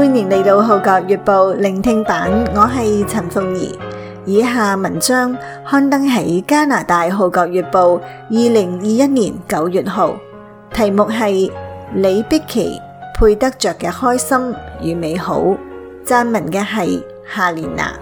歡迎嚟到《號角月報》聆聽版，我係陳鳳儀。以下文章刊登喺加拿大《號角月報》二零二一年九月號，題目係李璧琦配得着嘅開心與美好，撰文嘅係夏蓮娜。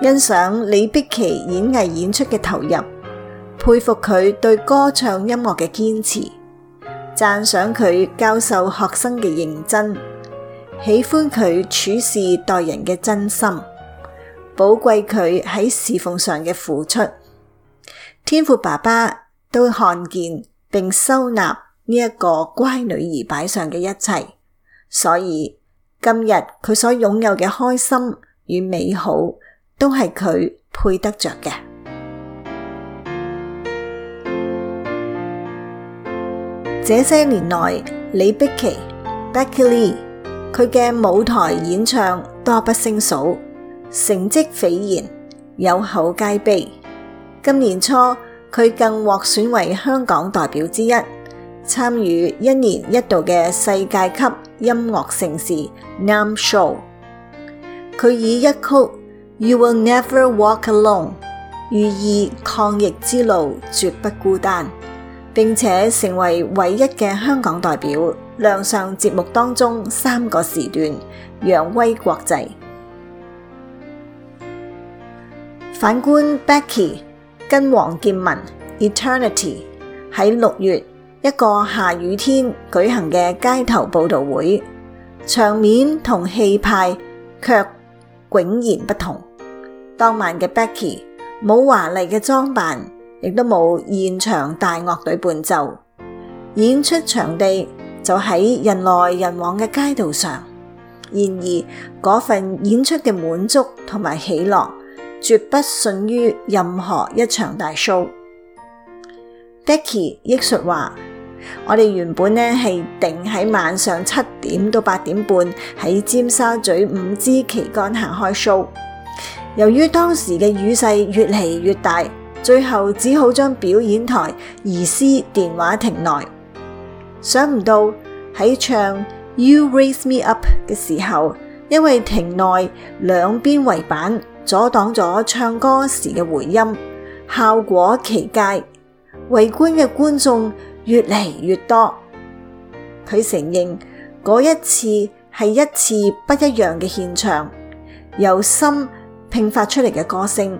欣賞李璧琦演藝演出嘅投入。佩服佢對歌唱音樂嘅堅持，讚賞佢教授學生嘅認真，喜歡佢處事待人嘅真心，寶貴佢喺侍奉上嘅付出。天父爸爸都看見並收納呢一個乖女兒擺上嘅一切，所以今日佢所擁有嘅開心與美好，都係佢配得着嘅。這些年來，李璧琦 （Becky Lee） 佢嘅舞台演唱，多不勝數，成績斐然，有口皆碑。今年初，佢更獲選為香港代表之一，參與一年一度嘅世界級音樂盛事 NAMM Show。佢以一曲《You will never walk alone》寓意抗疫之路絕不孤單。並且成為唯一嘅香港代表，亮相節目當中三個時段，揚威國際。反觀 Becky 跟王建文 Eternity 喺六月一個下雨天舉行嘅街頭報道會，場面同氣派卻迥然不同。當晚嘅 Becky 冇華麗嘅裝扮。亦都冇現場大樂隊伴奏，演出場地就喺人來人往嘅街道上。然而嗰份演出嘅滿足同埋喜樂，絕不遜於任何一場大 show。Becky 益述話：我哋原本呢係定喺晚上七點到八點半喺尖沙咀五支旗杆行開 show，由於當時嘅雨勢越嚟越大。最後只好將表演台移師電話亭內，想唔到喺唱《You Raise Me Up》嘅時候，因為亭內兩邊圍板阻擋咗唱歌時嘅回音，效果奇佳，圍觀嘅觀眾越嚟越多。佢承認嗰一次係一次不一樣嘅獻唱，由心迸發出嚟嘅歌聲。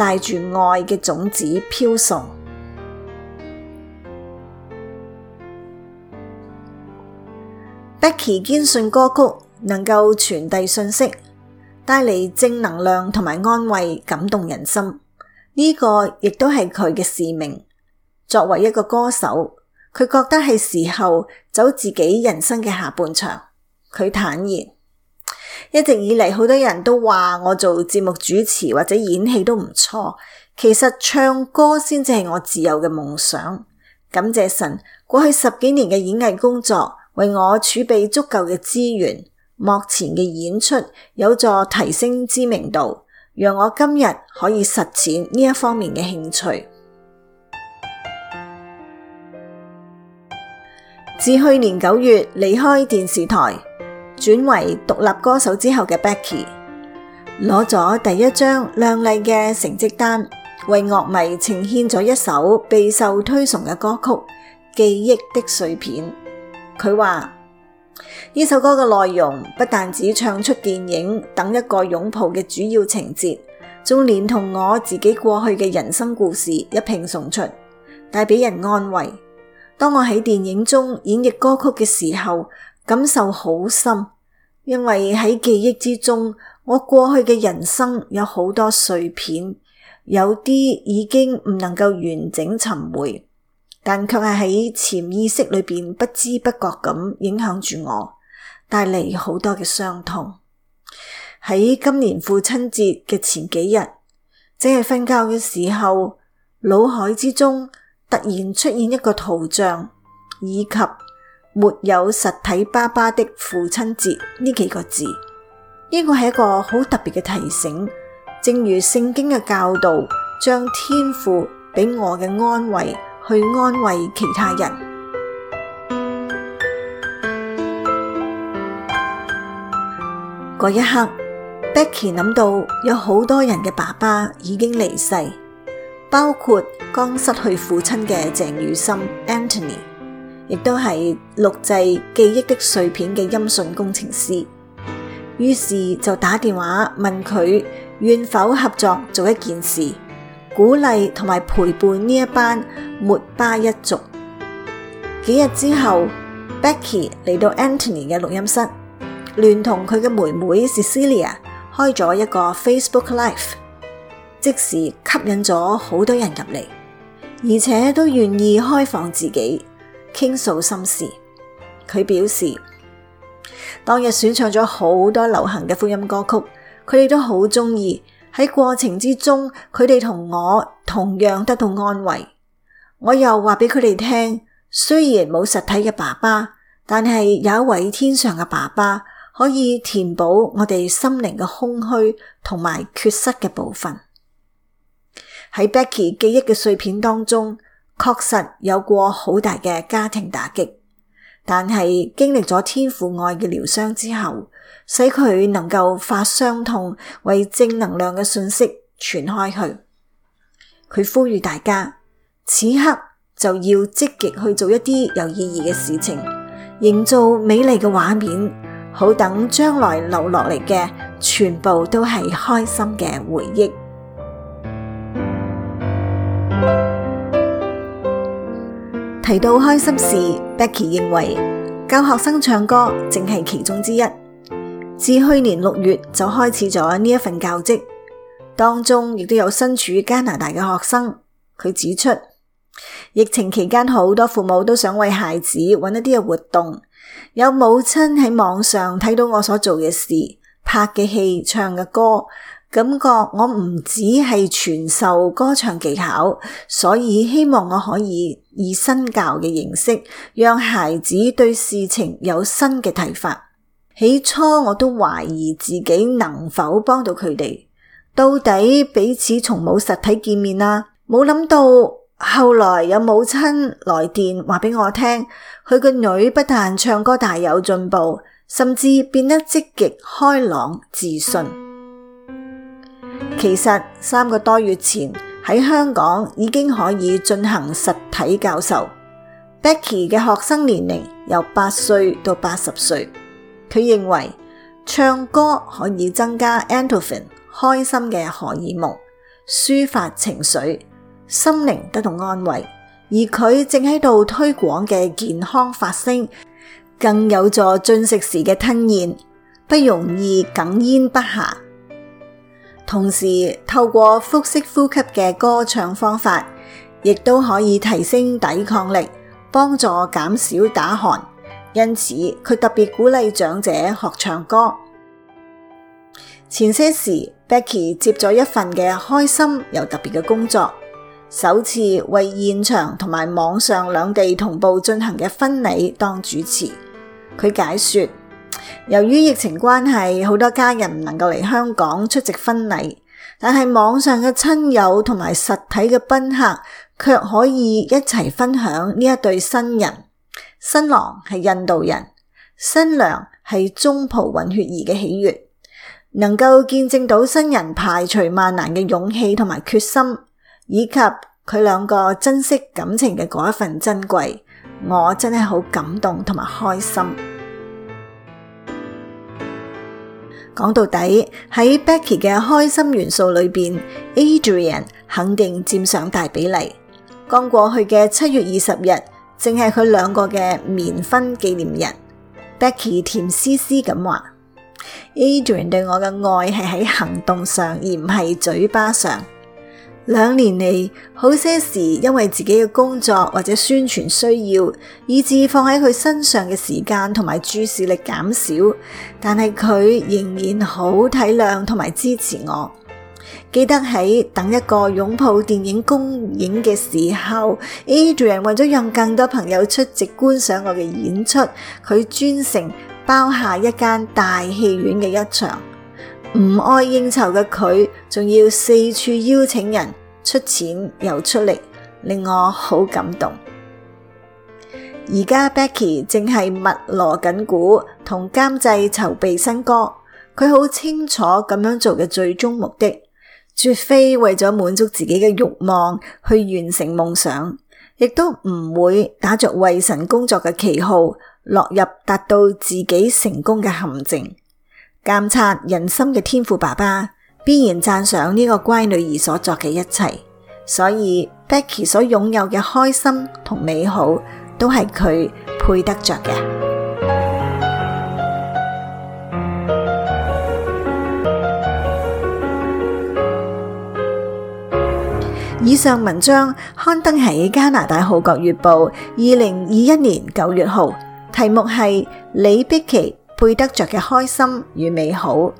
帶住愛嘅種子飄送。Becky 堅信歌曲能夠傳遞信息，帶嚟正能量同埋安慰，感動人心。呢、這個亦都係佢嘅使命。作為一個歌手，佢覺得係時候走自己人生嘅下半場。佢坦言，一直以嚟，好多人都話我做節目主持或者演戲都唔錯。其實唱歌先至係我自由嘅夢想。感謝神，過去十幾年嘅演藝工作為我儲備足夠嘅資源。幕前嘅演出有助提升知名度，讓我今日可以實踐呢一方面嘅興趣。自去年九月離開電視台。轉為獨立歌手之後嘅 Becky，攞咗第一張靚麗嘅成績單，為樂迷呈現咗一首備受推崇嘅歌曲《記憶的碎片》。佢話呢首歌嘅內容不但只唱出電影等一個擁抱嘅主要情節，仲連同我自己過去嘅人生故事一併送出，帶俾人安慰。當我喺電影中演繹歌曲嘅時候。感受好深，因為喺記憶之中，我過去嘅人生有好多碎片，有啲已經唔能夠完整尋回，但卻係喺潛意識裏邊不知不覺咁影響住我，帶嚟好多嘅傷痛。喺今年父親節嘅前幾日，即係瞓覺嘅時候，腦海之中突然出現一個圖像，以及。沒有實體爸爸的父親節呢幾個字，呢個係一個好特別嘅提醒。正如聖經嘅教導，將天父俾我嘅安慰去安慰其他人。嗰 一刻，Becky 諗到有好多人嘅爸爸已經離世，包括剛失去父親嘅鄭雨森 Anthony。亦都係錄製記憶的碎片嘅音訊工程師，於是就打電話問佢願否合作做一件事，鼓勵同埋陪伴呢一班沒巴一族。幾日之後，Becky 嚟到 Anthony 嘅錄音室，聯同佢嘅妹妹 Cecilia 開咗一個 Facebook Live，即時吸引咗好多人入嚟，而且都願意開放自己。傾訴心事，佢表示當日選唱咗好多流行嘅福音歌曲，佢哋都好中意。喺過程之中，佢哋同我同樣得到安慰。我又話俾佢哋聽，雖然冇實體嘅爸爸，但係有一位天上嘅爸爸可以填補我哋心靈嘅空虛同埋缺失嘅部分。喺 Becky 記憶嘅碎片當中，確實有過好大嘅家庭打擊，但係經歷咗天父愛嘅療傷之後，使佢能夠發傷痛為正能量嘅信息傳開去。佢呼籲大家，此刻就要積極去做一啲有意義嘅事情，營造美麗嘅畫面，好等將來留落嚟嘅全部都係開心嘅回憶。提到開心事，Becky 認為教學生唱歌淨係其中之一。自去年六月就開始咗呢一份教職，當中亦都有身處加拿大嘅學生。佢指出，疫情期間好多父母都想為孩子揾一啲嘅活動，有母親喺網上睇到我所做嘅事，拍嘅戲，唱嘅歌。感覺我唔只係傳授歌唱技巧，所以希望我可以以新教嘅形式，讓孩子對事情有新嘅睇法。起初我都懷疑自己能否幫到佢哋，到底彼此從冇實體見面啊，冇諗到後來有母親來電話俾我聽，佢個女不但唱歌大有進步，甚至變得積極開朗自信。其實三個多月前喺香港已經可以進行實體教授。Becky 嘅學生年齡由八歲到八十歲，佢認為唱歌可以增加 endorphin 開心嘅荷爾蒙，抒發情緒，心靈得到安慰。而佢正喺度推廣嘅健康發聲，更有助進食時嘅吞咽，不容易哽咽不下。同時透過腹式呼吸嘅歌唱方法，亦都可以提升抵抗力，幫助減少打鼾。因此，佢特別鼓勵長者學唱歌。前些時，Becky 接咗一份嘅開心又特別嘅工作，首次為現場同埋網上兩地同步進行嘅婚禮當主持。佢解說：由於疫情關係，好多家人唔能夠嚟香港出席婚禮，但係網上嘅親友同埋實體嘅賓客卻可以一齊分享呢一對新人，新郎係印度人，新娘係中葡混血兒嘅喜悅，能夠見證到新人排除萬難嘅勇氣同埋決心，以及佢兩個珍惜感情嘅嗰一份珍貴，我真係好感動同埋開心。講到底喺 Becky 嘅開心元素裏面 Adrian 肯定佔上大比例。剛過去嘅七月二十日，正係佢兩個嘅棉婚紀念日。Becky 甜絲絲咁話：Adrian 對我嘅愛係喺行動上，而唔係嘴巴上。兩年嚟，好些時因為自己嘅工作或者宣傳需要，以至放喺佢身上嘅時間同埋注視力減少。但係佢仍然好體諒同埋支持我。記得喺等一個擁抱電影公映嘅時候，Adrian 為咗讓更多朋友出席觀賞我嘅演出，佢專程包下一間大戲院嘅一場。唔愛應酬嘅佢，仲要四處邀請人。出錢又出力，令我好感動。而家 Becky 正係密鑼緊鼓同監製籌備新歌，佢好清楚咁樣做嘅最終目的，絕非為咗滿足自己嘅欲望去完成夢想，亦都唔會打着為神工作嘅旗號，落入達到自己成功嘅陷阱。監察人心嘅天父爸爸。必然讚賞呢個乖女兒所作嘅一切，所以 Becky 所擁有嘅開心同美好，都係佢配得着嘅。以上文章刊登喺加拿大《號角月報》二零二一年九月號，題目係李璧琦配得着嘅開心與美好。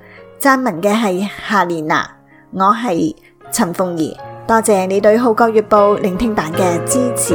撰文嘅係夏蓮娜，我係陳鳳儀，多謝你對《號角月報》聆聽版嘅支持。